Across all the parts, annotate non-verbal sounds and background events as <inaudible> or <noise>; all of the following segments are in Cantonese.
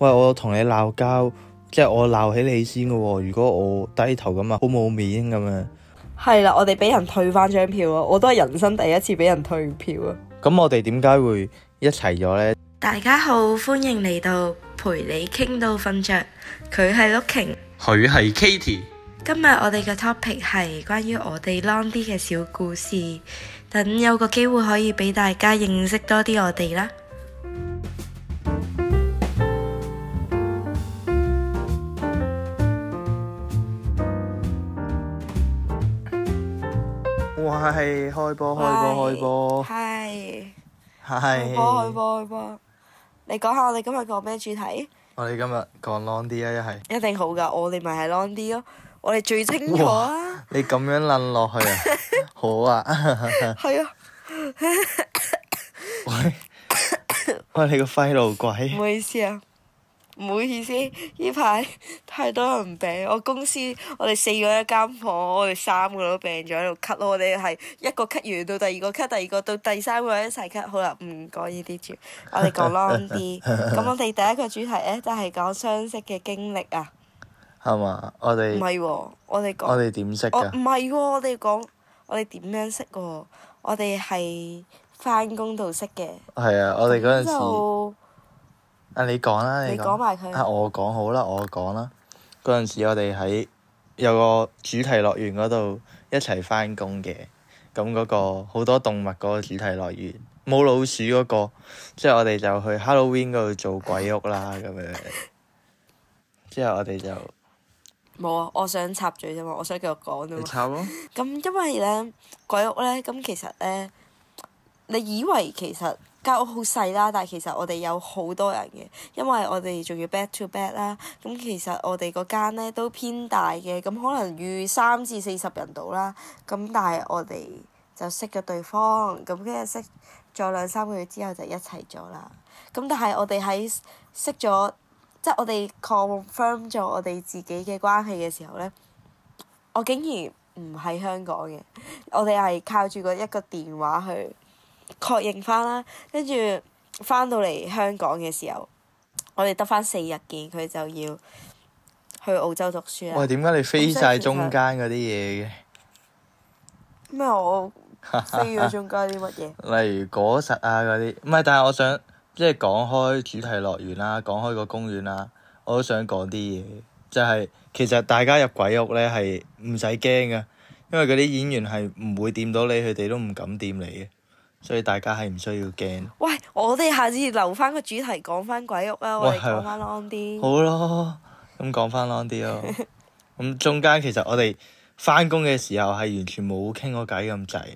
喂，我同你鬧交，即係我鬧起你先嘅，哦。如果我低頭咁啊，好冇面咁樣。係啦，我哋俾人退翻張票咯。我都係人生第一次俾人退票啊。咁我哋點解會一齊咗咧？大家好，歡迎嚟到陪你傾到瞓着。佢係 Looking，佢係 Katie。今日我哋嘅 topic 係關於我哋 Long d 嘅小故事，等有個機會可以俾大家認識多啲我哋啦。係開波開波開波係係開波開波開波，你講下我哋今日講咩主題？我哋今日講 Long 啲啊，一係一定好噶，我哋咪係 Long 啲咯，我哋最清楚啊！你咁樣捻落去啊，好啊，係啊，喂，喂你個廢路鬼，唔好意思啊。唔好意思，依排太多人病。我公司我哋四個人一間房，我哋三個都病咗喺度咳咯。我哋係一個咳完到第二個咳，第二個到第三個一齊咳。好啦，唔講呢啲住，我哋講 Long d。咁 <laughs> 我哋第一個主題咧，就係講相識嘅經歷啊。係嘛？我哋唔係喎，我哋講我哋點識㗎？唔係喎，我哋講我哋點樣識喎？我哋係翻工度識嘅。係 <laughs> 啊，我哋嗰陣時。啊！你講啦，你講埋佢。啊，我講好啦，我講啦。嗰陣時我哋喺有個主題樂園嗰度一齊翻工嘅，咁嗰個好多動物嗰個主題樂園冇老鼠嗰個，之後我哋就去 Halloween 嗰度做鬼屋啦，咁 <laughs> 樣。之後我哋就冇啊！我想插嘴啫嘛，我想繼續講啫嘛。你插咯，啊。咁因為咧鬼屋咧，咁其實咧，你以為其實。間屋好細啦，但係其實我哋有好多人嘅，因為我哋仲要 back to back 啦。咁其實我哋嗰間咧都偏大嘅，咁可能預三至四十人到啦。咁但係我哋就識咗對方，咁跟住識咗兩三個月之後就一齊咗啦。咁但係我哋喺識咗，即係我哋 confirm 咗我哋自己嘅關係嘅時候咧，我竟然唔喺香港嘅，我哋係靠住個一個電話去。確認翻啦，跟住翻到嚟香港嘅時候，我哋得翻四日見，佢就要去澳洲讀書啦。喂，點解你飛晒中間嗰啲嘢嘅？咩我飛咗中間啲乜嘢？ <laughs> 例如果實啊嗰啲，唔係。但係我想即係講開主題樂園啦、啊，講開個公園啦、啊，我都想講啲嘢。就係、是、其實大家入鬼屋咧係唔使驚㗎，因為嗰啲演員係唔會掂到你，佢哋都唔敢掂你嘅。所以大家係唔需要驚。喂，我哋下次留翻個主題講翻鬼屋啊！哇我哋講翻 long 啲。好咯，咁講翻 long 啲咯。咁 <laughs> 中間其實我哋翻工嘅時候係完全冇傾過偈咁滯，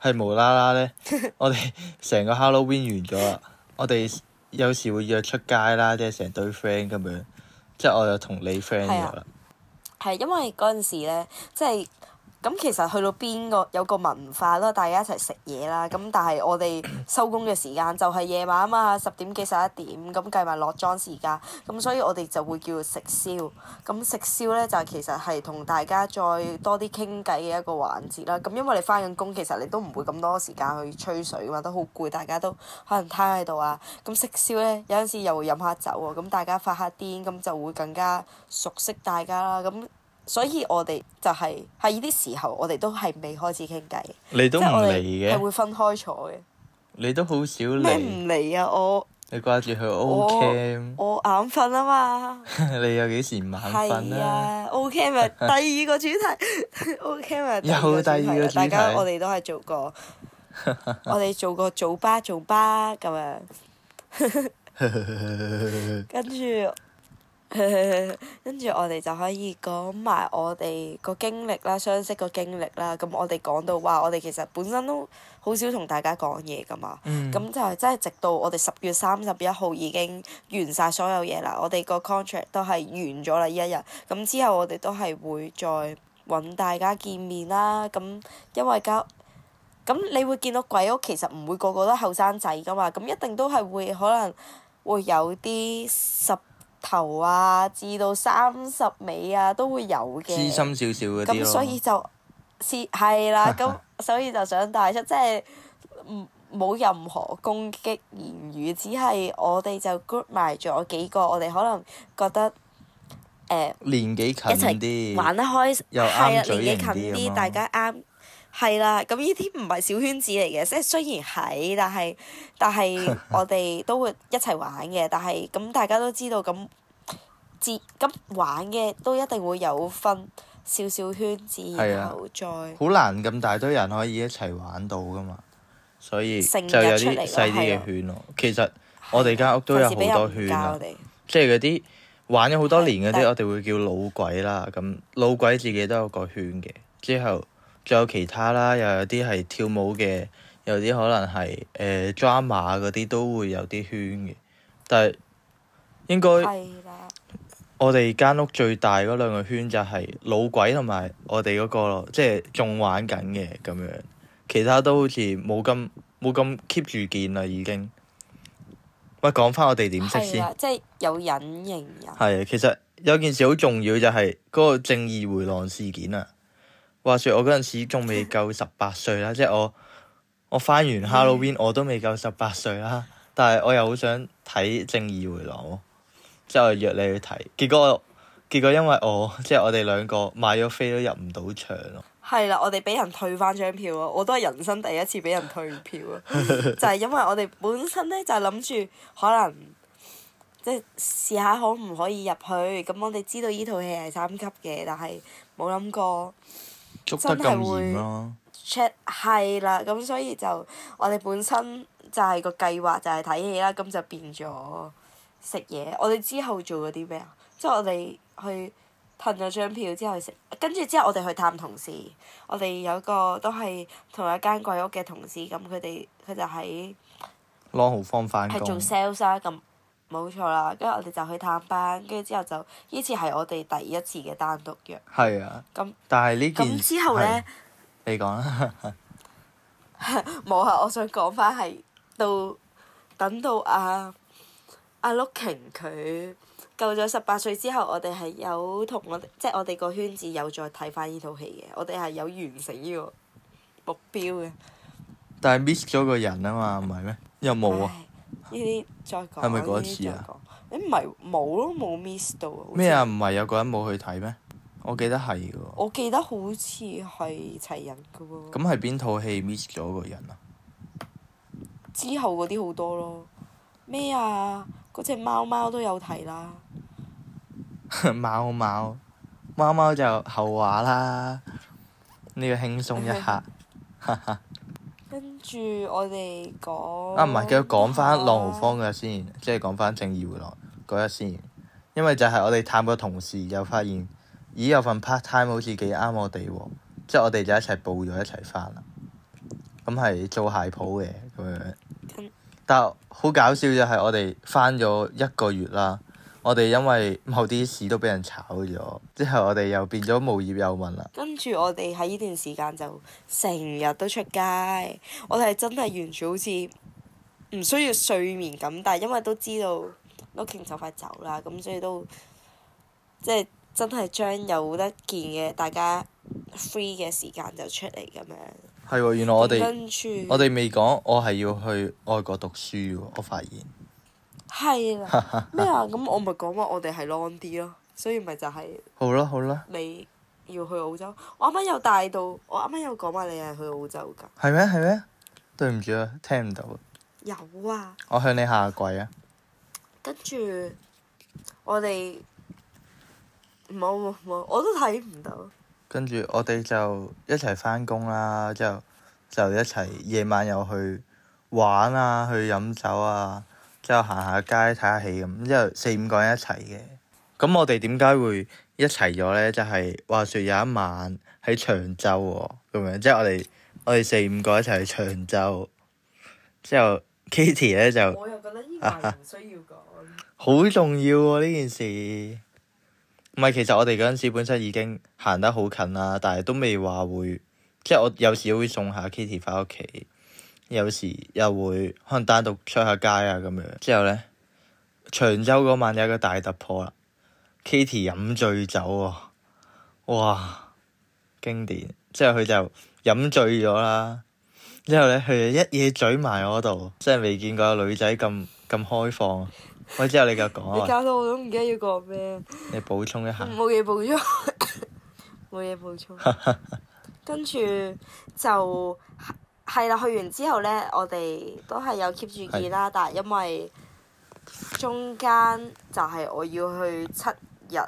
係無啦啦咧，我哋成個 Halloween 完咗啦。我哋有時會約出街啦、即係即係啊，即係成堆 friend 咁樣，即係我又同你 friend 咗啦。係因為嗰陣時咧，即係。咁其實去到邊個有個文化咯，大家一齊食嘢啦。咁但係我哋收工嘅時間就係夜晚啊嘛，十點幾十一點咁計埋落妝時間，咁所以我哋就會叫食宵。咁食宵咧就係其實係同大家再多啲傾偈嘅一個環節啦。咁因為你翻緊工，其實你都唔會咁多時間去吹水嘛，都好攰，大家都可能攤喺度啊。咁食宵咧有陣時又會飲下酒喎，咁大家發下癲，咁就會更加熟悉大家啦。咁。所以我哋就係喺呢啲時候，我哋都係未開始傾偈。你都唔嚟嘅，係會分開坐嘅。你都好少嚟。你唔嚟啊？我你掛住佢。OK 我眼瞓啊嘛。 <laughs> 你有幾時唔眼瞓啊？OK 咪第二個主題。OK 咪第二個主題。 <laughs> 大家我哋都係做過， <laughs> 我哋做過早巴早巴咁樣。 <laughs> 跟住。跟住 <laughs> 我哋就可以講埋我哋個經歷啦，相識個經歷啦。咁我哋講到話，我哋其實本身都好少同大家講嘢㗎嘛。咁、嗯、就係真係直到我哋十月三十一號已經完晒所有嘢啦。我哋個 contract 都係完咗啦，一日。咁之後我哋都係會再揾大家見面啦。咁因為家咁你會見到鬼屋，其實唔會個個都後生仔㗎嘛。咁一定都係會可能會有啲十頭啊，至到三十尾啊，都會有嘅。知心少少嗰啲。咁所以就，是係啦。咁 <laughs> 所以就想帶出，即係唔冇任何攻擊言語，只係我哋就 group 埋咗幾個，我哋可能覺得誒、呃、年紀近一齊玩得開，係啊，年紀近啲，大家啱。係啦，咁呢啲唔係小圈子嚟嘅，即係雖然係，但係但係我哋都會一齊玩嘅。 <laughs> 但係咁大家都知道咁，自咁玩嘅都一定會有分少少圈子，的然後再好難咁大堆人可以一齊玩到噶嘛，所以就有啲細啲嘅圈咯。的其實我哋間屋都有好多圈，即係嗰啲玩咗好多年嗰啲，的我哋會叫老鬼啦。咁老鬼自己都有個圈嘅，之後。仲有其他啦，又有啲係跳舞嘅，有啲可能係誒，drama 嗰啲都會有啲圈嘅，但係應該係啦，我哋間屋最大嗰兩個圈就係、係、老鬼同埋我哋嗰、嗰個咯，即係仲玩緊嘅咁樣，其他都好似冇咁冇咁 keep 住見啦，已經。喂，講翻我哋點識先，即係有隱形人。係啊，其實有件事好重要，就係嗰個正義回廊事件啊。話說我嗰陣時仲未夠十八歲啦， <laughs> 即係我我翻完 Halloween <laughs> 我都未夠十八歲啦，但係我又好想睇《正義回廊》咯，之後我約你去睇，結果結果因為我即係我哋兩個買咗飛都入唔到場咯。係啦，我哋俾人退翻張票咯，我都係人生第一次俾人退票咯， <laughs> 就係因為我哋本身咧就諗住可能即係試下可唔可以入去，咁我哋知道依套戲係三級嘅，但係冇諗過。得真得咁 check 係啦，咁所以就我哋本身就係個計劃就係、是、睇戲啦，咁就變咗食嘢。我哋之後做咗啲咩啊？即、就、係、是、我哋去騰咗張票之後去食，跟住之後我哋去探同事。我哋有個都係同一間鬼屋嘅同事，咁佢哋佢就喺、是、朗豪坊翻工。係做 sales 啊咁。冇錯啦，跟住我哋就去探班，跟住之後就呢次係我哋第一次嘅單獨約。係啊。咁那。但係呢個。咁之後咧？你講啦 <laughs> 冇啊！我想講翻係到等到啊，阿 l 阿陸瓊佢夠咗十八歲之後，我哋係有同我即係、就是、我哋個圈子有再睇翻呢套戲嘅，我哋係有完成呢個目標嘅。但係 miss 咗個人啊嘛，唔係咩？有冇啊？ <laughs> 哎呢啲再講，係咪嗰一次啊？誒，唔係冇咯，冇 miss 到。咩啊？唔係有，有，有個人冇去睇咩？我記得係喎。我記得好似係齊人嘅喎。咁係邊套戲 miss 咗個人啊？之後嗰啲好多咯。咩啊？嗰隻貓貓都有睇啦。 <laughs> 貓貓，貓貓就後話啦。你要輕鬆一下。哈哈。住我哋講啊，唔係繼續講翻朗豪坊嗰日先，啊、即係講翻正義回廊嗰日先，因為就係我哋探個同事又發現，咦有份 part time 好似幾啱我哋喎、啊，即係我哋就一齊報咗一齊翻啦。咁係做鞋舖嘅咁樣，但好、嗯、搞笑就係我哋翻咗一個月啦。我哋因為某啲事都俾人炒咗，之後我哋又變咗無業遊民啦。跟住我哋喺呢段時間就成日都出街，我哋係真係完全好似唔需要睡眠咁，但係因為都知道 looking 就快走啦，咁所以都即係、就是、真係將有得見嘅大家 free 嘅時間就出嚟咁樣。係喎、嗯，原來我哋跟住着。我哋未講，我係要去外國讀書喎，我發現。係啦，咩啊？ <laughs> <laughs> 咁我咪講話我哋係 long 啲咯，所以咪就係好咯，好咯。你要去澳洲？我啱啱有帶到，我啱啱有講話你係去澳洲㗎。係咩？係咩？對唔住啊，聽唔到。有啊。我向你下跪啊！跟住我哋冇冇冇，我都睇唔到。跟住我哋就一齊翻工啦，之後就就一齊夜晚又去玩啊，去飲酒啊。之後行下街睇下戲咁，之後四五個人一齊嘅。咁我哋點解會一齊咗咧？就係、是、話説有一晚喺長洲喎，咁樣。即係我哋我哋四五個一齊去長洲。之後 Kitty 咧就，我又覺得呢個唔需要講。好、啊、重要喎、啊、呢件事。唔係，其實我哋嗰陣時本身已經行得好近啦，但係都未話會，即係我有時會送下 Kitty 翻屋企，有時又會可能單獨出下街啊，咁樣，之後咧長洲嗰晚有一個大突破啦。 <noise> Kitty 飲醉酒喎、哦，哇，經典！之後佢就飲醉咗啦，之後咧佢就一嘢嘴埋我度，真係未見過個女仔咁咁開放。我，之後，你繼續講，你搞到我都唔記得要講咩。你補充一下。冇嘢事補， <laughs> 補充，冇嘢補充。跟住就。係啦，去完之後呢，我哋都係有 keep 住見啦，的但係因為中間就係我要去七日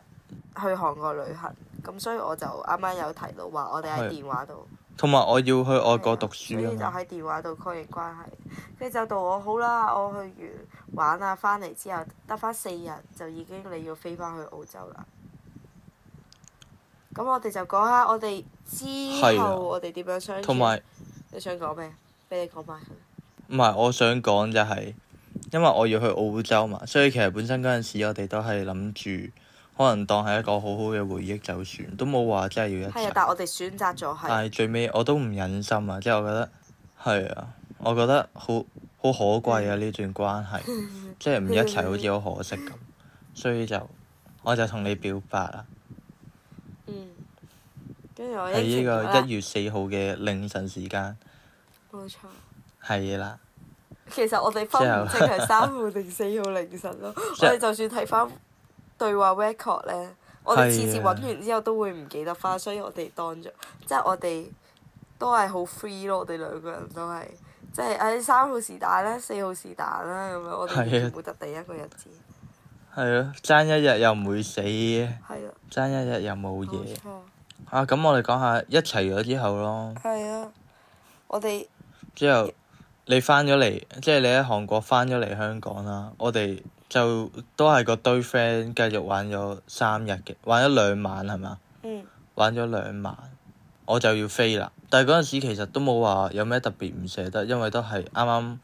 去韓國旅行，咁所以我就啱啱有提到話，我哋喺電話度，同埋我要去外國讀書，所以就喺電話度確認關係。跟住就到我好啦，我去完玩啊，翻嚟之後得翻四日，就已經你要飛翻去澳洲啦。咁我哋就講下我哋之後我哋點樣相處。你想講咩？俾你講埋。唔係，我想講就係、是，因為我要去澳洲嘛，所以其實本身嗰陣時我哋都係諗住，可能當係一個好好嘅回憶就算，都冇話真係要一齊。係啊，但係我哋選擇咗係。但係最尾我都唔忍心啊，即、就、係、是、我覺得係啊，我覺得好好可貴啊呢、嗯、段關係，即係唔一齊好似好可惜咁， <laughs> 所以就我就同你表白啦。喺呢個一月四號嘅凌晨時間，冇錯，係啦。其實我哋分唔清係三號定四號凌晨咯。 <laughs> 我哋就算睇翻對話 record 咧，我哋次次揾完之後都會唔記得翻，所以我哋當咗，即係我哋都係好 free 咯。我哋兩個人都係，即係喺三號是打啦，四號是但啦咁樣。我哋冇得。第一個日子是、啊 <laughs> 啊。係咯，爭一日又唔會死嘅，爭一日又冇嘢。啊，咁我哋講下一齊咗之後咯，係啊，我哋之後你翻咗嚟，即係你喺韓國翻咗嚟香港啦，我哋就都係個堆 friend 繼續玩咗三日嘅，玩咗兩晚係嘛？嗯、玩咗兩晚，我就要飛啦。但係嗰陣時其實都冇話有咩特別唔捨得，因為都係啱啱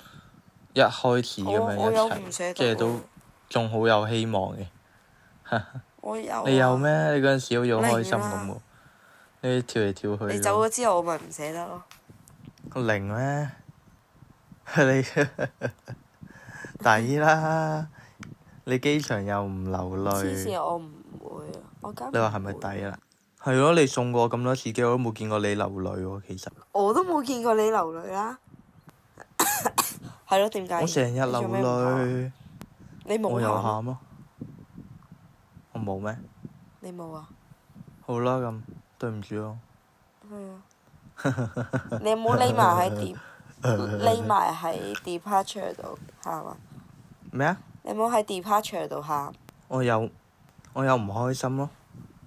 一開始咁樣一齊，即係都仲好有希望嘅。 <laughs> 我有、啊、你有咩？你嗰陣時好似好開心咁喎。你跳嚟跳去。你走咗之後，我咪唔捨得咯。零咩？你抵啦！你機場又唔流淚。癡線我唔會，我家。你話係咪抵啦？係咯！你送過我咁多次機，我都冇見過你流淚喎。其實。我都冇見過你流淚啦。係咯？點解？我成日流淚。你冇。我有喊咯。我冇咩？你冇啊？好啦，咁。對唔住咯，係啊！麼你冇匿埋喺點匿埋喺 departure 度喊啊！咩啊？你冇喺 departure 度喊。我有，我有唔開心咯，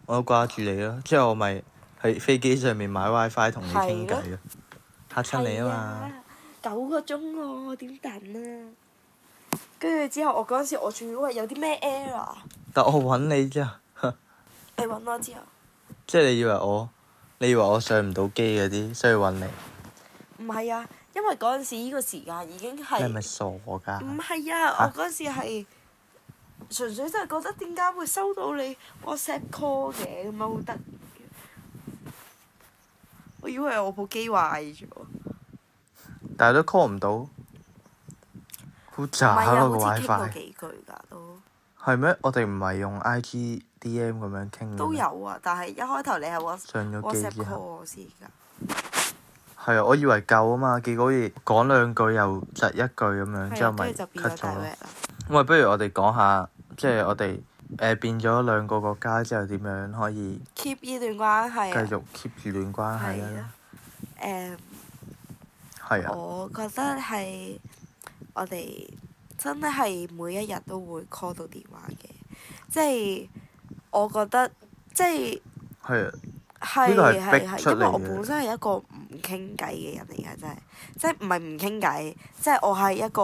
我有掛住你咯，之後我咪喺飛機上面買 WiFi 同你傾偈咯，的嚇親你啊嘛！九個鐘喎，點等啊！跟住之後我，我嗰時我仲以為有啲咩 error。但我揾你之後。 <laughs> 你揾我之後。即係你以為我，你以為我上唔到機嗰啲，所以揾你。唔係啊，因為嗰陣時依個時間已經係。你係咪傻噶？唔係啊，我嗰陣時係、啊、純粹真係覺得點解會收到你 WhatsApp call 嘅，咁樣好得意。我以為我部機壞咗。但係都 call 唔到。啊、好渣個 WiFi。幾句㗎都。係咩？我哋唔係用 IG。D.M. 咁樣傾都有啊，但係一開頭你係 Wh 了 WhatsApp 上咗先係啊，我以為後 夠啊嘛，結果可以講兩句又窒一句咁樣，嗯、之後咪 cut 咗咯。喂，不如我哋講下，即係我哋誒、呃、變咗兩個國家之後點樣可以 keep 依 Keep 段關係，繼續 keep 住段關係啦。誒、啊，啊 um, 啊、我覺得係我哋真係每一日都會 call 到電話嘅，即、就、係、是。我覺得即係係係係，因為我本身係一個唔傾偈嘅人嚟噶，真係即係唔係唔傾偈，即係我係一個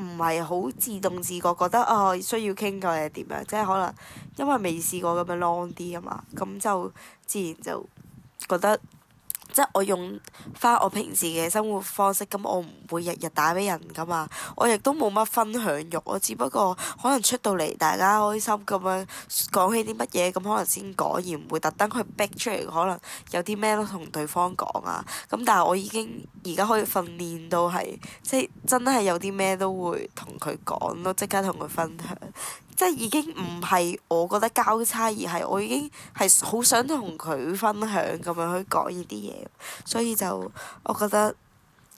唔係好自動自覺覺得啊、哦、需要傾偈定點樣，即係可能因為未試過咁樣 long 啲啊嘛，咁就自然就覺得。即我用翻我平時嘅生活方式，咁我唔會日日打俾人噶嘛。我亦都冇乜分享欲，我只不過可能出到嚟大家開心咁樣講起啲乜嘢，咁可能先講，而唔會特登去逼出嚟。可能有啲咩都同對方講啊。咁但係我已經而家可以訓練到係，即真係有啲咩都會同佢講咯，即刻同佢分享。即係已經唔係我覺得交叉，而係我已經係好想同佢分享咁樣去講呢啲嘢，所以就我覺得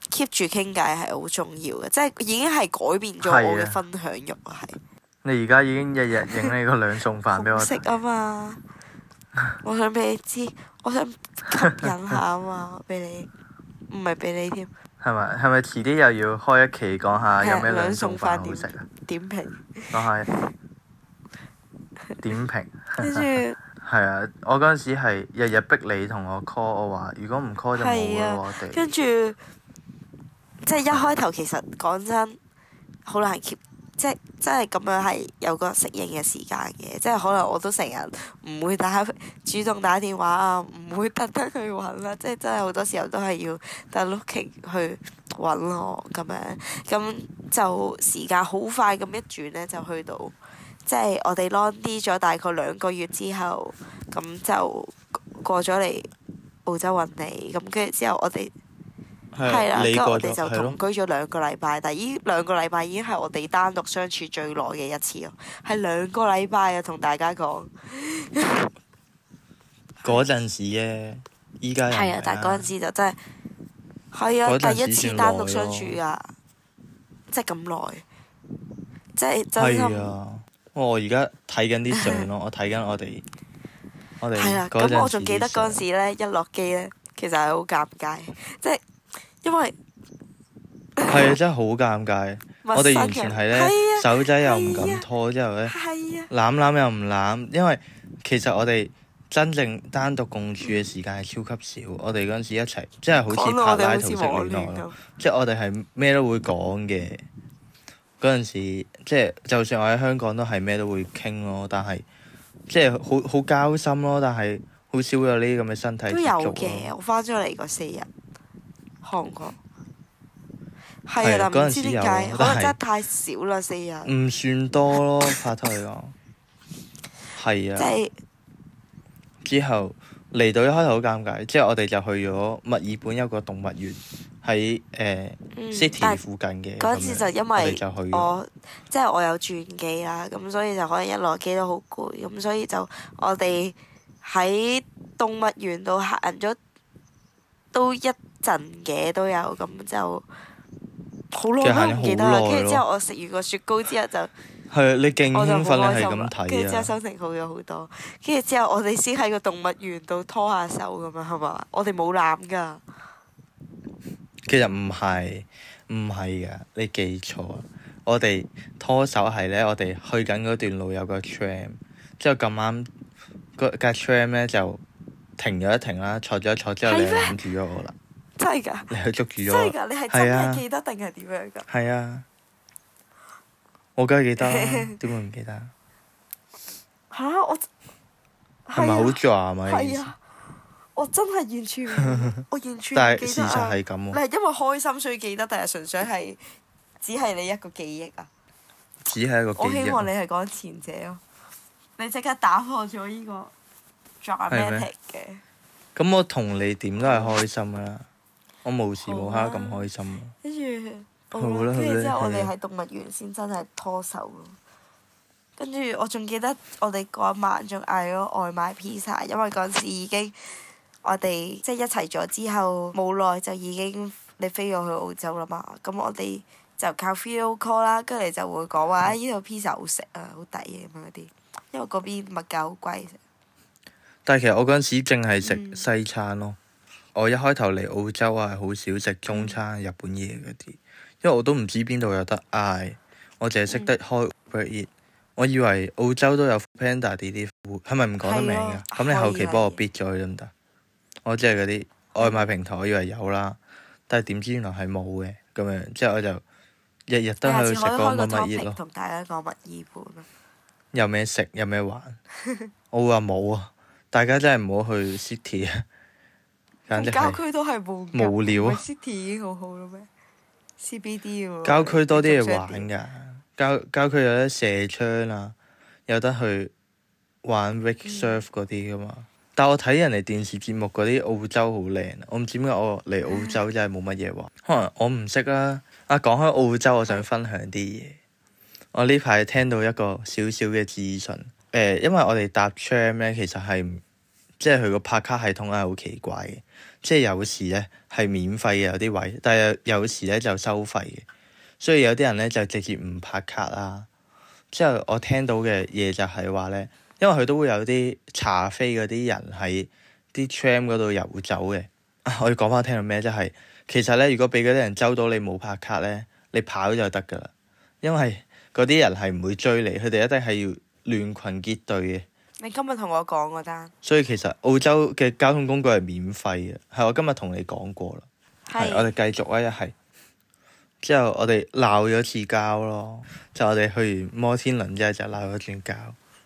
keep 住傾偈係好重要嘅，即係已經係改變咗我嘅分享欲係。的的你而家已經日日影你個兩餸飯俾我食啊嘛！ <laughs> 我想俾你知，我想吸引下啊嘛，俾你唔係俾你添。係咪係咪？係咪遲啲又要開一期講下有咩的兩餸順飯，飯好食啊？點評講下。哦點評，跟住係啊！我嗰陣時係日日逼你同我 call，我話如果唔 call 就冇啦。啊，我哋跟住即係一開頭，其實講真好難 keep，即係真係咁樣係有個適應嘅時間嘅。即係可能我都成日唔會打主動打電話啊，唔會特登去搵啦。即係真係好多時候都係要但等 looking 去搵我咁樣，咁就時間好快咁一轉咧，就去到。即係我哋 long d 咗大概兩個月之後，咁就過咗嚟澳洲揾你，咁跟住之後我哋係啦，咁我哋就同居咗兩個禮拜，但係呢兩個禮拜已經係我哋單獨相處最耐嘅一次咯，係兩個禮拜啊！同大家講嗰陣時咧，依家係啊，但係嗰陣時就真係可以啊！第一次單獨相處啊，即係咁耐，即係真心。在在我而家睇緊啲相咯，我睇緊我哋，我哋，係啦，咁我仲記得嗰陣時咧，一落機咧，其實係好尷尬，即係因為。係啊，真係好尷尬，是我哋完全係咧，啊、手仔又唔敢拖，之後咧，攬攬、啊啊、又唔攬，因為其實我哋真正單獨共處嘅時間係超級少。我哋嗰陣時一齊，真即係好似柏拉圖式戀愛，即係我哋係咩都會講嘅嗰陣時。即係就算我喺香港都係咩都會傾咯，但係即係好好交心咯，但係好少有呢啲咁嘅身體接觸都有嘅。我翻咗嚟嗰四日，韓國係啊，嗰唔的知點解，我覺得真係太少啦四日。唔算多咯，拍拖嚟講係啊。即係之後嚟到一開頭好尷尬，之後我哋就去咗墨爾本一個動物園。喺誒、呃、city、嗯、附近嘅嗰陣時就因為我，我即係我有轉機啦，咁所以就可能一落機都好攰，咁所以就我哋喺動物園度行咗都一陣嘅都有，咁就好耐都唔記得啦。跟住之後我食完個雪糕之後就係你勁興奮，我就好開心，係咁睇。跟住之後心情好咗好多，跟住、啊、之後我哋先喺個動物園度拖下手咁樣，係嘛？我哋冇攬㗎。其實唔係唔係噶，你記錯我哋拖手係咧，我哋去緊嗰段路有個 tram，之後咁啱、嗰架 tram 咧就停咗一停啦，坐咗一坐之後你就攬住咗我啦你就捉住咗我啦，真係㗎！你係捉住咗我，真係㗎！你係真係記得定係點樣㗎？係啊，我梗係記, <laughs> 記得，點會唔記得？吓？我係咪好抓咪、啊？我真係完全， <laughs> 我完全記得啊！你係因為開心所以記得，定係純粹係只係你一個記憶啊？只係一個記憶。我希望你係講前者咯。你即刻打破咗依、這個 dramatic 嘅。咁、嗯、我同你點都係開心噶啦！嗯、我無時無刻咁開心。跟住，跟住之後，我哋喺動物園先真係拖手咯。跟住的，我仲記得我哋嗰晚仲嗌咗外賣披薩，因為嗰陣時已經。我哋即係一齊咗之後冇耐就已經你飛咗去澳洲啦嘛，咁我哋就靠 feel call 啦，跟住你就會講話啊！呢度 pizza 好食啊，好抵嘅咁嗰啲，因為嗰邊物價好貴。但係其實我嗰陣時淨係食西餐咯，嗯、我一開頭嚟澳洲啊，好少食中餐、日本嘢嗰啲，因為我都唔知邊度有得嗌，我淨係識得開、嗯、我以為澳洲都有 panda 啲啲，係咪唔講得明㗎的？咁、啊、你後期幫我 bit 咗佢得唔得？的的我即係嗰啲外賣平台，我以為有啦，但係點知原來係冇嘅咁樣，之後我就日日都去食嗰個蜜月咯。同大家講蜜二本。有咩食？有咩玩？ <laughs> 我話冇啊！大家真係唔好去 city 啊！簡直、啊。郊區都係無聊啊！City 已經好好嘞咩？CBD 喎。 <laughs> 郊區多啲嘢玩㗎， <music> 郊郊區有得射槍啊，有得去玩 wake surf 嗰啲㗎嘛。嗯。但我睇人哋電視節目嗰啲澳洲好靚，我唔知點解我嚟澳洲真係冇乜嘢玩。可能我唔識啦。啊，講開澳洲，我想分享啲嘢。我呢排聽到一個小小嘅資訊，誒、呃，因為我哋搭 tram 咧，其實係即係佢個拍卡系統係好奇怪嘅，即係有時咧係免費嘅有啲位，但係有，有時咧就收費嘅，所以有啲人咧就直接唔拍卡啦。之後我聽到嘅嘢就係話咧。因為佢都會有啲查飛嗰啲人喺啲 tram 嗰度遊走嘅。 <laughs> 我要講翻聽到咩？即係其實咧，如果俾嗰啲人揪到你冇拍卡咧，你跑就得噶啦。因為嗰啲人係唔會追你，佢哋一定係要亂群結隊嘅。你今日同我講嗰咋？所以其實澳洲嘅交通工具係免費嘅，係我今日同你講過啦。係是我哋繼續啦，一係之後我哋鬧咗次交咯，就我哋去完摩天輪之後就鬧咗轉交。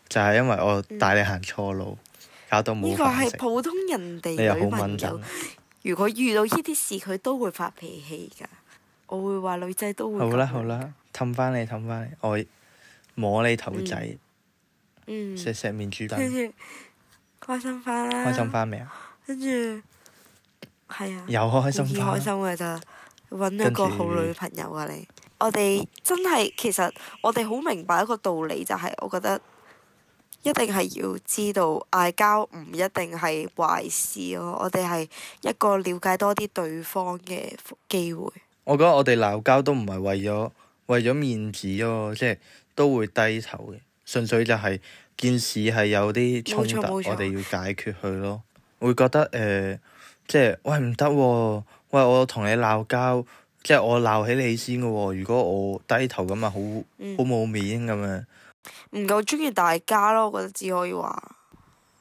就係因為我帶你行錯路，嗯、搞到冇呢個係普通人哋嘅女朋友，如果遇到呢啲事，佢都會發脾氣㗎。我會話女仔都會好。好啦好啦，氹翻你氹翻你，我摸你頭仔，錫錫、嗯嗯、面住低，開心翻啦！開心翻未啊？跟住係啊，有開心翻，幾開心嘅咋？揾咗個好女朋友啊！著你我哋真係其實我哋好明白一個道理，就係、係、我覺得。一定係要知道嗌交唔一定係壞事咯，哦，我哋係一個了解多啲對方嘅機會。我覺得我哋鬧交都唔係為咗為咗面子咯，哦，即係都會低頭嘅，純粹就係件事係有啲衝突，我哋要解決佢咯。會覺得誒、呃，即係喂唔得喎，喂、哦、喂我同你鬧交，即係我鬧起你先㗎喎，哦。如果我低頭咁啊，好好冇、嗯、面咁啊。唔夠鍾意大家咯，我覺得只可以話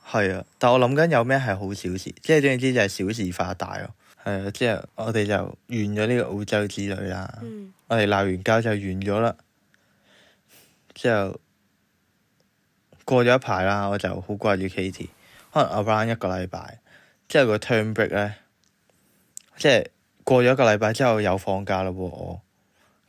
係啊。但我諗緊有咩係好小事，即係總之就係、是、小事化大咯。係啊，之後我哋就完咗呢個澳洲之旅啦。嗯、我哋鬧完交就完咗啦。之後過咗一排啦，我就好掛住 Katie 可能 around 一個禮拜，即係個 time break 咧，即、就、係、是、過咗一個禮拜之後又放假啦。我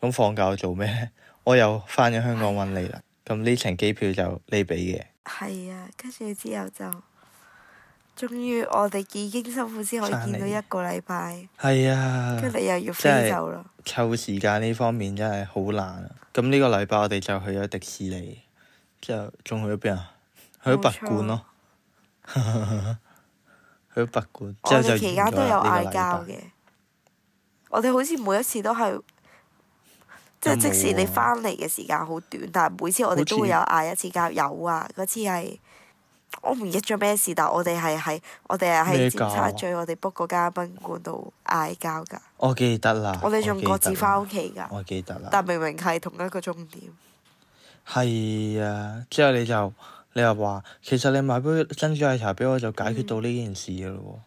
咁放假我做咩？我又翻咗香港搵你啦。咁呢程機票就你俾嘅。係啊，跟住之後就，終於我哋幾經辛苦先可以見到一個禮拜。係啊，跟住你又要飛走咯。抽時間呢方面真係好難啊！咁呢個禮拜我哋就去咗迪士尼，之後仲去咗邊啊？去咗拔罐咯，錯 <laughs> 去咗拔罐。後就我哋期間都有嗌交嘅，我哋好似每一次都係。即係即使你翻嚟嘅時間好短，但係每次我哋都會有嗌一次交，有像啊！嗰次係我唔記得咗咩事，但係我哋係喺我哋係喺尖沙咀，麼我哋 book 嗰間賓館度嗌交㗎。我記得啦。我哋仲各自翻屋企，我記得啦。得但係明明係同一個終點。係啊！之後你就你又話其實你買杯珍珠奶茶俾我就解決到呢件事咯喎。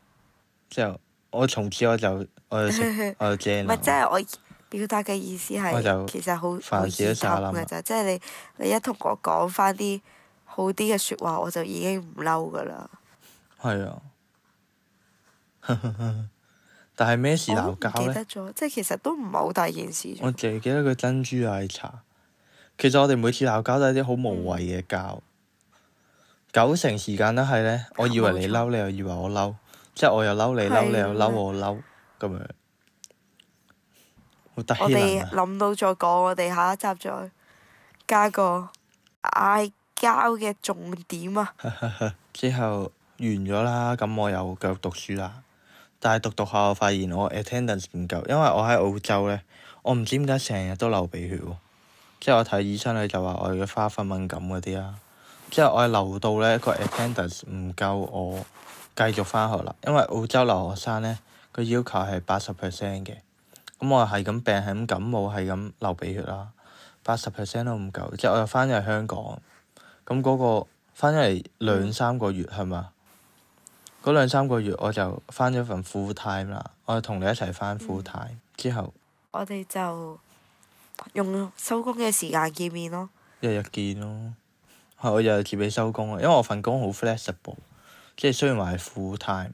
之後、嗯、 <laughs> 我從此我就我，有我有 <laughs> 就是、我就正啦。咪即係我。表達嘅意思係其實好好自溝嘅啫，就想想即係你你一同我講翻啲好啲嘅説話，我就已經唔嬲噶啦。係是啊， <laughs> 但係咩事鬧交咧？我唔記得咗，即係其實都唔係好大件事。我淨係記得個珍珠奶茶。其實我哋每次鬧交都係啲好無謂嘅交，嗯、九成時間都係咧。錯我以為你嬲，你又以為我嬲，即係我又嬲你嬲，你，的你又嬲我嬲咁樣。我哋諗到再講，我哋下一集再加個嗌交嘅重點啊！ <laughs> 之後完咗啦，咁我又繼續讀書啦。但係讀讀下，我發現我 attendance 唔夠，因為我喺澳洲咧，我唔知點解成日都流鼻血喎。之後我睇醫生咧，就話我係花粉敏感嗰啲啦。之後我係流到咧個 attendance 唔夠，我繼續翻學啦。因為澳洲留學生咧佢要求係八十 percent 嘅。咁我係咁病，係咁感冒，係咁流鼻血啦，八十 percent 都唔夠。之後我又翻咗嚟香港，咁嗰個翻咗嚟兩三個月係嘛？嗰兩三個月我就翻咗份 full time 啦，我同你一齊翻 full time、嗯、之後，我哋就用收工嘅時間見面咯，日日見咯，係我日日接你收工啊，因為我份工好 flexible，即係雖然話係 full time，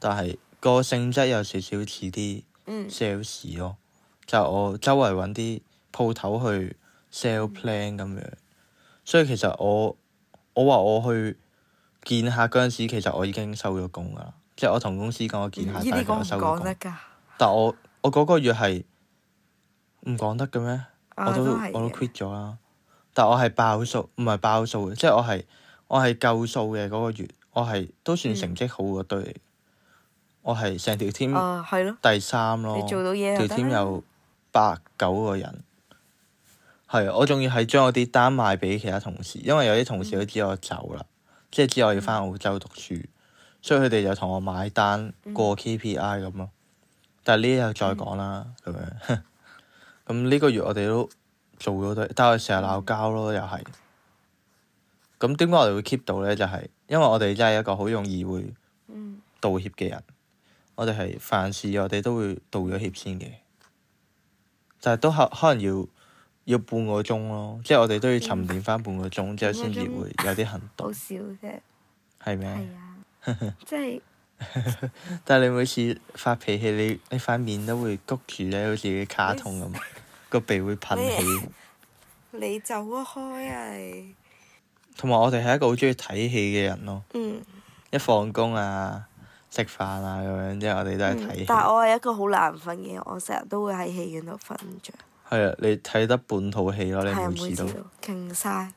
但係個性質有少少似啲。sales 咯，就、嗯、我周圍揾啲鋪頭去 sell plan 咁樣，所以其實我我話我去見客嗰陣時，其實我已經收咗工㗎啦，即係我同公司講我見客大概收咗工。呢啲講唔講得㗎？但係我我嗰個月係唔講得嘅咩？我都我都 quit 咗啦，但係我係爆數，唔係爆數嘅，即係我係我係夠數嘅嗰個月，我係都算成績好嗰堆嚟。嗯我係成條 team 第三咯。條 team、啊、有八九個人，係、嗯、我仲要係將我啲單賣畀其他同事，因為有啲同事都知我走啦，嗯、即係知我要翻澳洲讀書，嗯、所以佢哋就同我買單過 KPI 咁咯。但係呢日再講啦，咁樣、嗯。咁呢 <laughs> 個月我哋都做咗對，但係成日鬧交咯，又係。咁點解我哋會 keep 到咧？就係、是、因為我哋真係一個好容易會道歉嘅人。嗯我哋係凡事我哋都會道咗歉先嘅，但係都可可能要要半個鐘咯，即係我哋都要沉澱翻半個鐘之後先至會有啲行動。好少啫，係咩？係啊，即係。但係你每次發脾氣，你你塊面都會谷住咧，好似卡通咁，個 <laughs> 鼻會噴氣。 <laughs> 你走開啊！同埋我哋係一個好中意睇戲嘅人咯。嗯。一放工啊！食飯啊咁樣，即係我哋都係睇戲。嗯、但係我係一個好難瞓嘅，我成日都會喺戲院度瞓著。係啊，你睇得半套戲咯，你唔知道勁晒！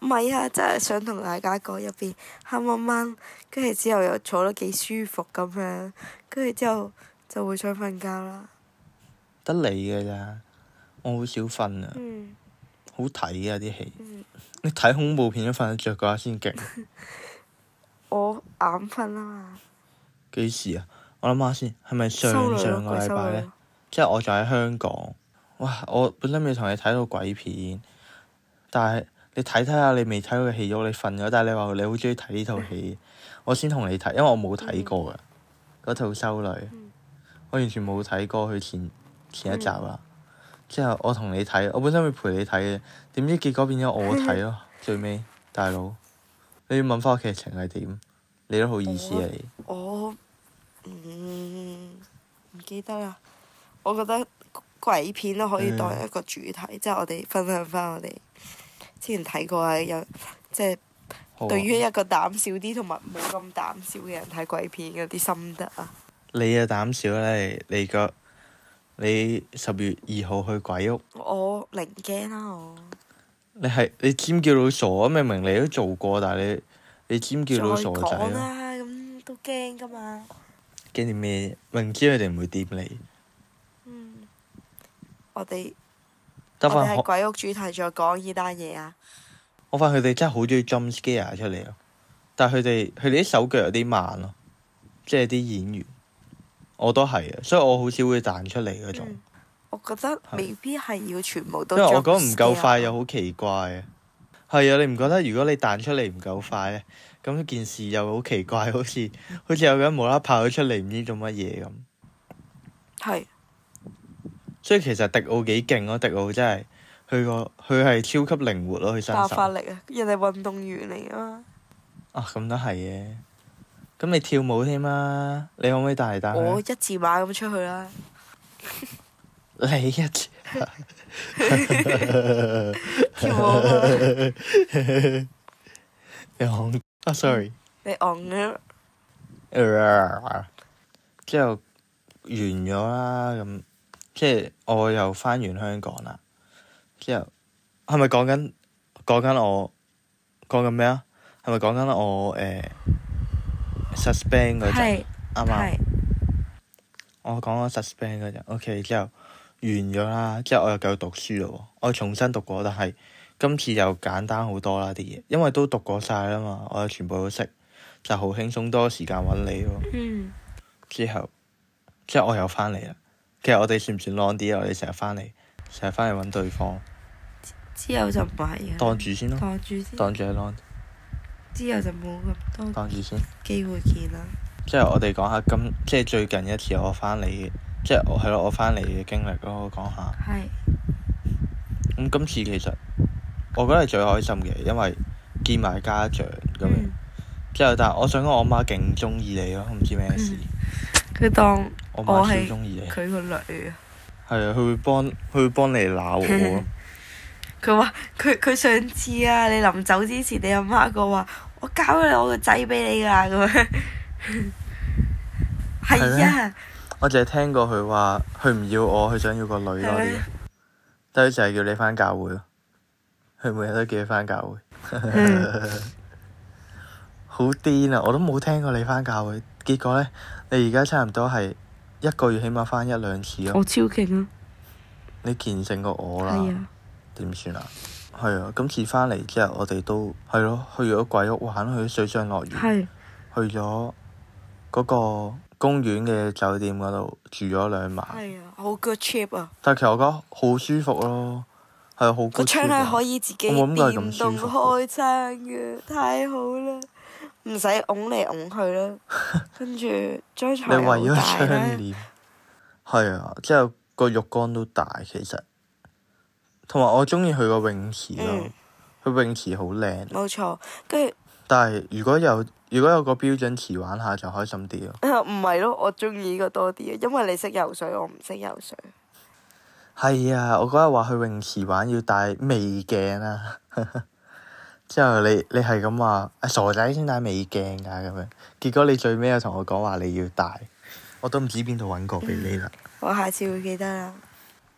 唔係啊，真係想同大家講入邊黑掹掹，跟住之後又坐得幾舒服咁樣，跟住之後就，就會想瞓覺啦。得你㗎咋？我好少瞓啊。嗯、好睇啊！啲戲。嗯、你睇恐怖片都瞓得著架先勁。 <laughs> 我眼瞓啊嘛～幾時啊？我諗下先，係咪上上個禮拜咧？即係我仲喺香港。哇！我本身未同你睇到鬼片，但係你睇睇下你未睇嘅戲肉你瞓咗。但係你話你好中意睇呢套戲，嗯、我先同你睇，因為我冇睇過噶。嗰套，嗯《修女》，我完全冇睇過佢前前一集啊。嗯、之後我同你睇，我本身會陪你睇嘅，點知結果變咗我睇咯。嗯、最尾大佬，你要問翻劇情係點？你都好意思啊！你我唔唔、嗯、記得啦。我覺得鬼片都可以當一個主題、嗯，即係我哋分享翻我哋之前睇過啊，有即係對於一個膽小啲同埋冇咁膽小嘅人睇鬼片嗰啲心得啊。你啊膽小咧？你個你十月二號去鬼屋。我零驚啦我。我你係你尖叫到傻，咁明，明明你都做過，但係你。你尖叫到傻仔啊，咁都驚噶嘛？驚啲咩？明知佢哋唔會點你。嗯。我哋。我哋喺鬼屋主題再講呢單嘢啊！我發現佢哋真係好中意 jump scare 出嚟咯。但係佢哋佢哋啲手腳有啲慢咯，即係啲演員，我都係啊，所以我好少會彈出嚟嗰種、嗯。我覺得未必係要全部都。因為我覺得唔夠快又好奇怪啊！係啊，你唔覺得如果你彈出嚟唔夠快咧，咁件事又好奇怪，好似好似有個人無啦啦跑咗出嚟，唔知做乜嘢咁。係。所以其實迪奧幾勁咯，迪奧真係佢個佢係超級靈活咯，佢身手。爆發力啊！人哋運動員嚟啊嘛。啊，咁都係嘅。咁你跳舞添啦，你可唔可以大嚟我一字馬咁出去啦。 <laughs> 你一字 <laughs> <laughs> 我啊、 <laughs> 你戇，啊、oh, sorry，你戇咗。之後完咗啦咁，即係我又返完香港啦，之後係咪講緊講緊我講緊咩啊？係咪講緊我誒 suspend 嗰陣啊嘛？我講緊 suspend 嗰陣，ok 之後。是完咗啦，之後我又繼續讀書咯。我重新讀過，但係今次又簡單好多啦啲嘢，因為都讀過晒啦嘛，我又全部都識，就好輕鬆多時間揾你喎。嗯。之後，之後我又翻嚟啦。其實我哋算唔算 long 啲啊？我哋成日翻嚟，成日翻嚟揾對方。之後就唔係啊。擋住先咯。擋住先。擋住係 long。之後就冇咁多。擋住先。機會見啦。之後我哋講下今，即係最近一次我翻嚟。即係我係咯，我返嚟嘅經歷咯，講下。係是。咁今次其實我覺得係最開心嘅，因為見埋家長咁樣。之後、嗯，但係我想講，我媽勁中意你咯，唔知咩事。佢、嗯、當我係佢個女啊。係啊！佢會幫佢會幫你鬧我。佢話：佢佢上次啊，你臨走之前，你阿媽個話：我交咗我個仔俾你㗎咁樣。係 <laughs> 啊的！我淨係聽過佢話，佢唔要我，佢想要個女多啲。都係的叫你翻教會咯。佢每日都叫你翻教會。 <laughs> 的 <laughs> 好癲啊！我都冇聽過你翻教會，結果咧，你而家差唔多係一個月起碼翻一兩次的啊！我超勁啊！你虔誠過我啦，點算啊？係啊！今次翻嚟之後我，我哋都係咯，去咗鬼屋玩，去咗水上樂園，的去咗嗰、嗰個公園嘅酒店嗰度住咗兩晚，係啊，好 good trip 啊！但係其實我覺得好舒服咯，係好個窗係可以自己電動開窗嘅，太好啦，唔使拱嚟拱去啦。 <laughs> 跟住張牀又窗簾啦，係呢啊，之後個浴缸都大，其實同埋我中意去個泳池咯，佢、嗯、泳池好靚。冇錯，跟住。但係如果有如果有個標準池玩下就開心啲咯。唔係咯，我中意呢個多啲啊，因為你識游水，我唔識游水。係啊，我嗰日話去泳池玩要帶美鏡啊， <laughs> 之後你你係咁話，誒傻仔先帶美鏡啊」咁、啊、樣，結果你最尾又同我講話你要帶，我都唔知邊度搵個俾你啦、嗯。我下次會記得啦。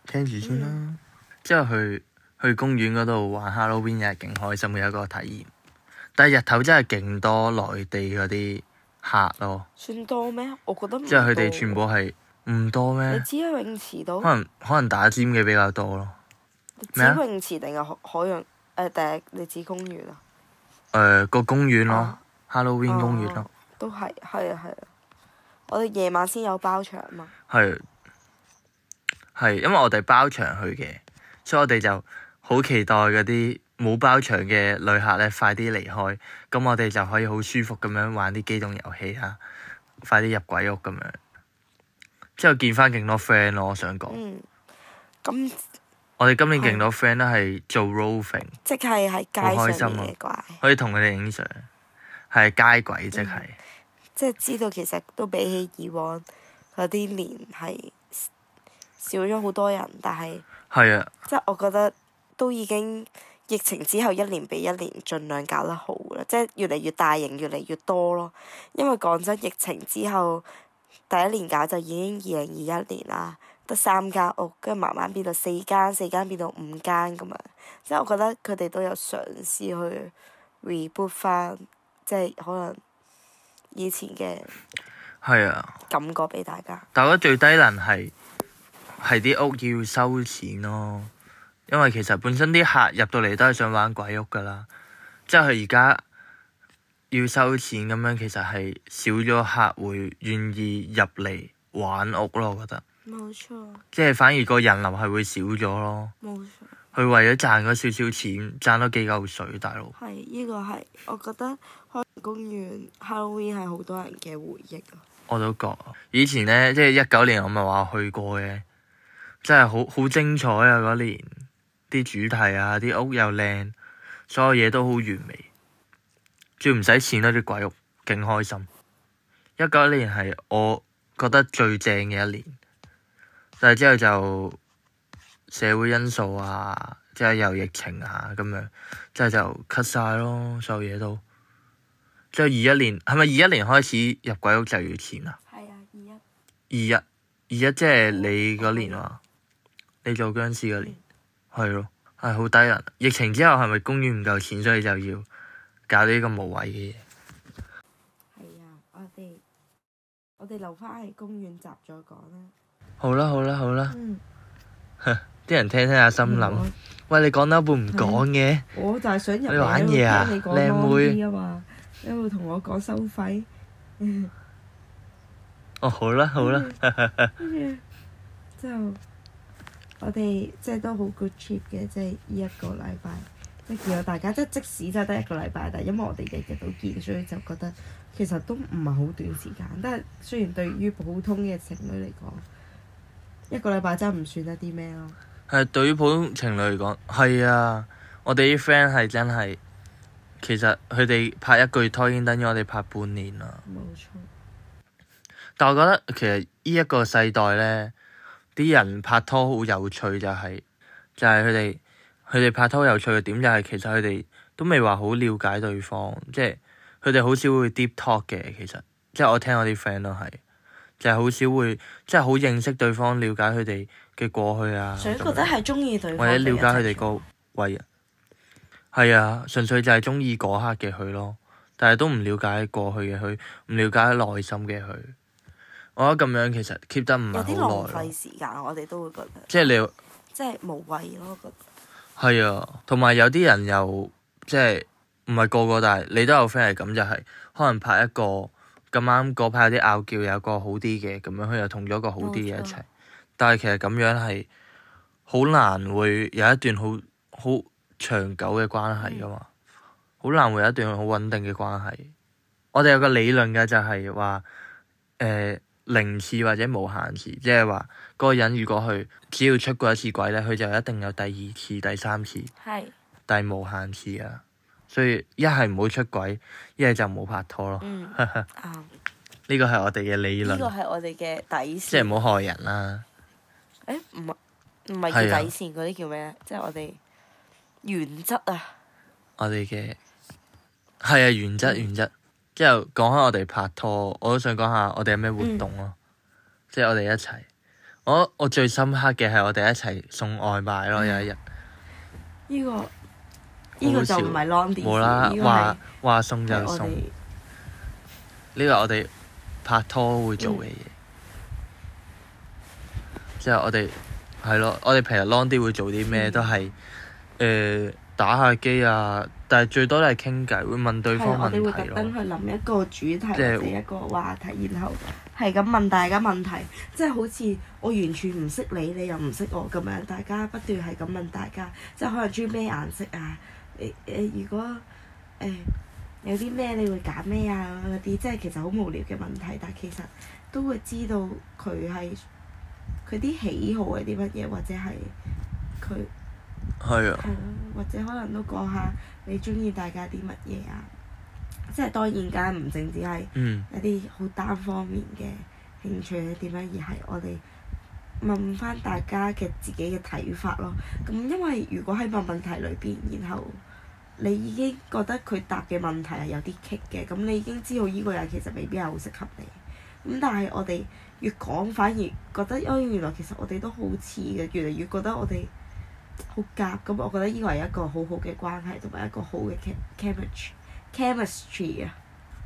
聽住先啦，嗯、之後去去公園嗰度玩 Halloween 又係勁開心嘅一個體驗。但係日頭真係勁多內地嗰啲客咯，算多咩？我覺得唔多，即係佢哋全部係唔多咩？你知喺泳池度？可能可能打尖嘅比較多咯。咩啊？泳池定係海洋？誒，定係你指公園啊？誒，個公園咯，Halloween 公園咯，都係，係啊，係啊，我哋夜晚先有包場嘛。係，係，因為我哋包場去嘅，所以我哋就好期待嗰啲。冇包場嘅旅客咧，快啲離開，咁我哋就可以好舒服咁樣玩啲機動遊戲啦。快啲入鬼屋咁樣，之後見返勁多 friend 咯。我想講，嗯，咁我哋今年勁多 friend 都係做 roving，即係喺街上嘅怪，怪開心啊，可以同佢哋影相，係街鬼即係即係知道。其實都比起以往嗰啲年係少咗好多人，但係係啊，即係我覺得都已經。疫情之後一年比一年盡量搞得好啦，即係越嚟越大型、越嚟越多咯。因為講真，疫情之後第一年搞就已經二零二一年啦，得三間屋，跟住慢慢變到四間、四間變到五間咁啊。即係我覺得佢哋都有嘗試去 reboot 返，即係可能以前嘅係啊感覺俾大家。但我覺得最低能係係啲屋要收錢咯。因為其實本身啲客入到嚟都係想玩鬼屋噶啦，即係佢而家要收錢咁樣，其實係少咗客會願意入嚟玩屋咯，我覺得。冇錯。即係反而個人流係會少咗咯。冇錯。佢為咗賺嗰少少錢，賺咗幾嚿水，大佬。係，呢、呢個係，我覺得海洋公園 Halloween 係好多人嘅回憶啊。我都覺，以前咧，即係一九年，我咪話去過嘅，真係好好精彩啊嗰年。啲主題啊，啲屋又靚，所有嘢都好完美，最唔使錢咯、啊！啲鬼屋，勁開心。一九年係我覺得最正嘅一年，但係之後就社會因素啊，即係又疫情啊咁樣，之後就 cut 晒咯，所有嘢都。之後二一年係咪二一年開始入鬼屋就要錢啊？係啊，二一。二一，二一即係你嗰年啊？你做僵屍嗰年。嗯係咯，係好、哎、低人。疫情之後係咪公園唔夠錢，所以就要搞啲咁無謂嘅嘢？係啊，我哋我哋留翻喺公園集再講啦。好啦好啦好啦。啲 <laughs> 人聽聽下心諗。啊、喂，你講到一半唔講嘅？我就係想入嚟玩嘢啊。靚妹。你會同我講收費。 <laughs> 哦，好啦好啦。跟住，就。我哋即係都好 good trip 嘅，即係呢一個禮拜，即係見到大家，即係即使就係得一個禮拜，但係因為我哋日日都見，所以就覺得其實都唔係好短時間。但係雖然對於普通嘅情侶嚟講，一個禮拜真係唔算得啲咩咯。係對於普通情侶嚟講，係啊！我哋啲 friend 係真係，其實佢哋拍一個月拖已經等於我哋拍半年啦。冇錯。但係我覺得其實呢一個世代咧。啲人拍拖好有趣就係、是，就係佢哋佢哋拍拖有趣嘅點就係、是、其實佢哋都未話好了解對方，即係佢哋好少會 deep talk 嘅。其實，即係我聽我啲 friend 都係，就係、是、好少會，即係好認識對方、了解佢哋嘅過去啊。所以覺得係中意對方。或者了解佢哋個為人。係啊，純粹就係中意嗰刻嘅佢咯，但係都唔了解過去嘅佢，唔了解內心嘅佢。我覺得咁樣其實 keep 得唔係好耐。有啲浪費時間，我哋都會覺得。即係你。即係無謂咯，我覺得。係啊，同埋有啲人又即係唔係個個，但係你都有 friend 係咁，就係、係、可能拍一個咁啱嗰排有啲拗撬，有個好啲嘅咁樣，佢又同咗個好啲嘅一齊。哦、但係其實咁樣係好難會有一段好好長久嘅關係㗎嘛。好、嗯、難會有一段好穩定嘅關係。我哋有個理論嘅就係話誒。呃零次或者無限次，即係話嗰個人如果佢只要出過一次軌咧，佢就一定有第二次、第三次，係，但係無限次啊！所以一係唔好出軌，一係就唔好拍拖咯。呢個係我哋嘅理論。呢個係我哋嘅底線。即係唔好害人啦。誒唔係唔係叫底線，嗰啲叫咩啊？即係我哋原則啊。我哋嘅係啊，原則，原則。嗯之後講開我哋拍拖，我都想講下我哋有咩活動咯。嗯、即係我哋一齊，我我最深刻嘅係我哋一齊送外賣咯，嗯、有一日。呢、這個呢、這個、個就唔係 long 啲，冇啦，話話送就送。呢個我哋拍拖會做嘅嘢。之後、嗯、我哋係咯，我哋平日 long 啲會做啲咩？嗯、都係誒。呃打下機啊！但係最多都係傾偈，會問對方問題咯、啊。係我哋會特登去諗一個主題或者一個話題，就是，然後係咁問大家問題。即係好似我完全唔識你，你又唔識我咁樣，大家不斷係咁問大家。即係可能中意咩顏色啊？呃呃、如果、呃、有啲咩你會揀咩啊？嗰啲即係其實好無聊嘅問題，但係其實都會知道佢係佢啲喜好係啲乜嘢，或者係佢。係啊， <noise> 或者可能都講下你中意大家啲乜嘢啊，即係當然間唔淨止係一啲好單方面嘅興趣係點樣，嗯、而係我哋問翻大家嘅自己嘅睇法咯。咁、嗯、因為如果喺問問題裏邊，然後你已經覺得佢答嘅問題係有啲棘嘅，咁你已經知道呢個人其實未必係好適合你。咁、嗯、但係我哋越講反而覺得，哦原來其實我哋都好似嘅，越嚟越覺得我哋。好夾咁，我覺得呢個係一個好好嘅關係，同埋一個好嘅 chemistry，chemistry 啊。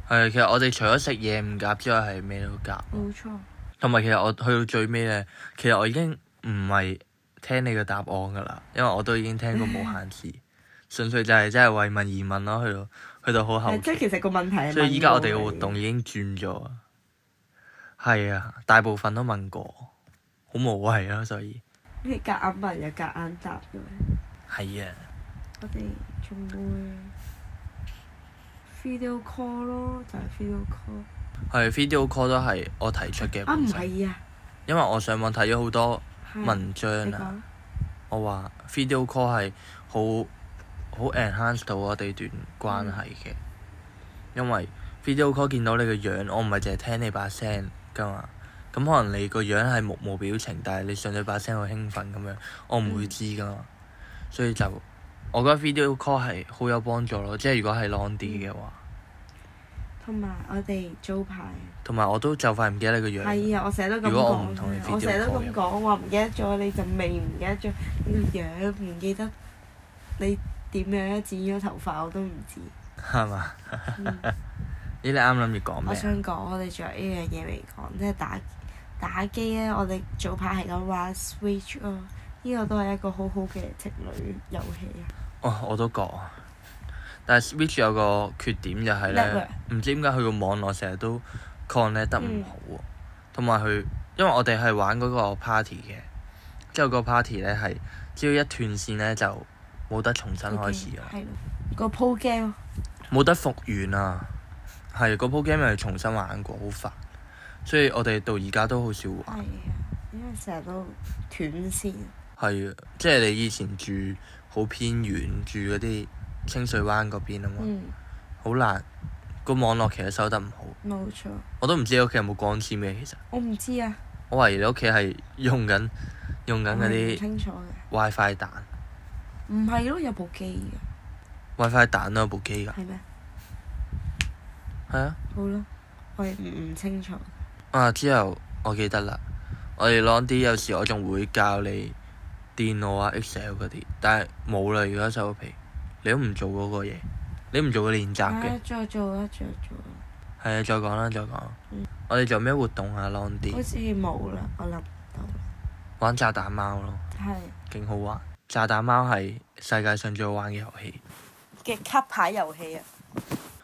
係，其實我哋除咗食嘢唔夾之外，係咩都夾。冇錯。同埋其實我去到最尾咧，其實我已經唔係聽你嘅答案㗎啦，因為我都已經聽過無限次， <laughs> 純粹就係真係為問而問咯，去到去到好後面。即係其實個問題問。所以依家我哋嘅活動已經轉咗。係 <laughs> 啊，大部分都問過，好無謂啊，所以。你 <laughs> 隔眼問又隔眼答嘅係啊。我哋仲會 video call 咯，就係、是、video call。係 video call 都係我提出嘅問題、哎。啊唔係啊！因為我上網睇咗好多文章啊。我話 video call 係好好 enhance 到我哋段關係嘅，嗯、因為 video call 見到你嘅樣，我唔係淨係聽你把聲㗎嘛。咁可能你個樣係木無表情，但係你上咗把聲好興奮咁樣，我唔會知噶嘛。嗯、所以就我覺得 video call 係好有幫助咯，即係如果係 long D 嘅話。同埋我哋招牌。同埋我都就快唔記得你個樣。係啊，我成日都咁講。如果我唔同你 video call 我成日都咁講，話唔記得咗你就未唔記得咗你個樣,樣，唔記得你點樣剪咗頭髮，我都唔知。係嘛吧？咦、嗯！ <laughs> 你啱啱諗住講咩我想我講，我哋仲有呢樣嘢未講，即係打。打機咧、啊，我哋早排係講話 Switch 咯、啊，呢、這個都係一個好好嘅 type 類遊戲啊。哦，我都覺。但係 Switch 有個缺點就係咧，唔 Network. 知點解佢個網絡成日都 connect 得唔好喎、啊。同埋佢，因為我哋係玩嗰個 party 嘅，之後嗰個 party 咧係只要一斷線咧就冇得重新開始啊。係咯、okay，個鋪 game。冇得復原啊！係嗰鋪 game 咪要重新玩過，好煩。所以我哋到而家都好少玩。玩，因為成日都斷線。係啊，即係你以前住好偏遠，住嗰啲清水灣嗰邊啊嘛，好、嗯、難、個網絡其實收得唔好。冇錯。我都唔知你屋企有冇光纖咩？其實。我唔知啊。我懷疑你屋企係用緊用緊嗰啲。唔清楚嘅。WiFi 蛋。唔係咯，有部機。WiFi 蛋都有部機㗎。係咩嗎？係啊的。好啦，我唔唔清楚。 <laughs> 啊、之後我記得啦，我哋 Long d 有時我仲會教你電腦啊、Excel 嗰啲，但係冇啦，而家收皮。你都唔做嗰個嘢，你唔做個練習嘅、啊。再做啦、啊！再做。係啊，再講啦、啊，再講、啊。再啊嗯、我哋做咩活動啊？Long d。好似冇啦，我諗唔到。玩炸彈貓咯。係的。勁好玩！炸彈貓係世界上最好玩嘅遊戲。嘅卡牌遊戲啊！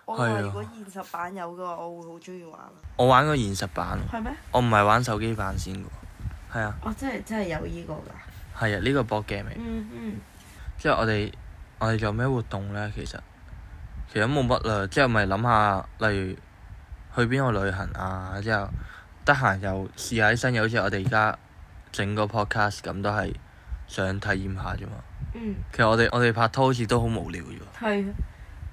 我話如果現實版有嘅話，我會好鍾意玩。我玩過現實版。係咩？我唔係玩手機版先嘅喎，係啊。哦，真係真係有呢個㗎。係啊，呢個 board game 嚟。嗯嗯。即係我哋我哋做咩活動呢？其實其實冇乜啦。之後咪諗下，例如去邊個旅行啊。之後得閒又試下啲新嘢，好似我哋而家整個 podcast 咁，都係想體驗下啫嘛。嗯。其實我哋我哋拍拖好似都好無聊啫喎。係。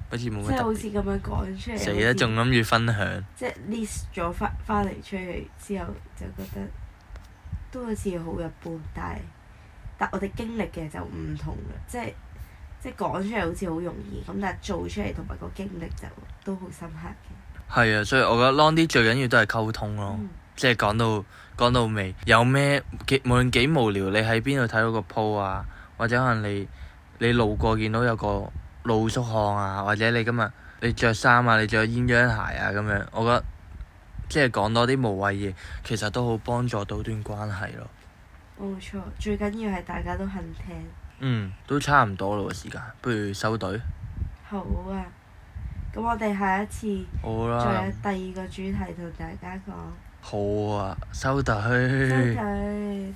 好似乜冇即係好似咁樣講出嚟，死啦！仲諗住分享。即係 list 咗翻翻嚟出去之後，就覺得都好似好一般，但係但我哋經歷嘅就唔同啦，即係即係講出嚟好似好容易咁，但係做出嚟同埋個經歷就都好深刻嘅。係啊，所以我覺得 long 啲最緊要都係溝通咯，嗯、即係講到講到尾有咩幾無論幾無聊，你喺邊度睇到個鋪啊，或者可能你你路過見到有個。露宿汗啊，或者你今日你着衫啊，你着鴛鴦鞋啊咁樣，我覺得即係講多啲無謂嘢，其實都好幫助到段關係咯。冇錯，最緊要係大家都肯聽。嗯，都差唔多咯時間，不如收隊。好啊！咁我哋下一次好啦。仲有第二個主題同大家講。好啊，收隊。收隊。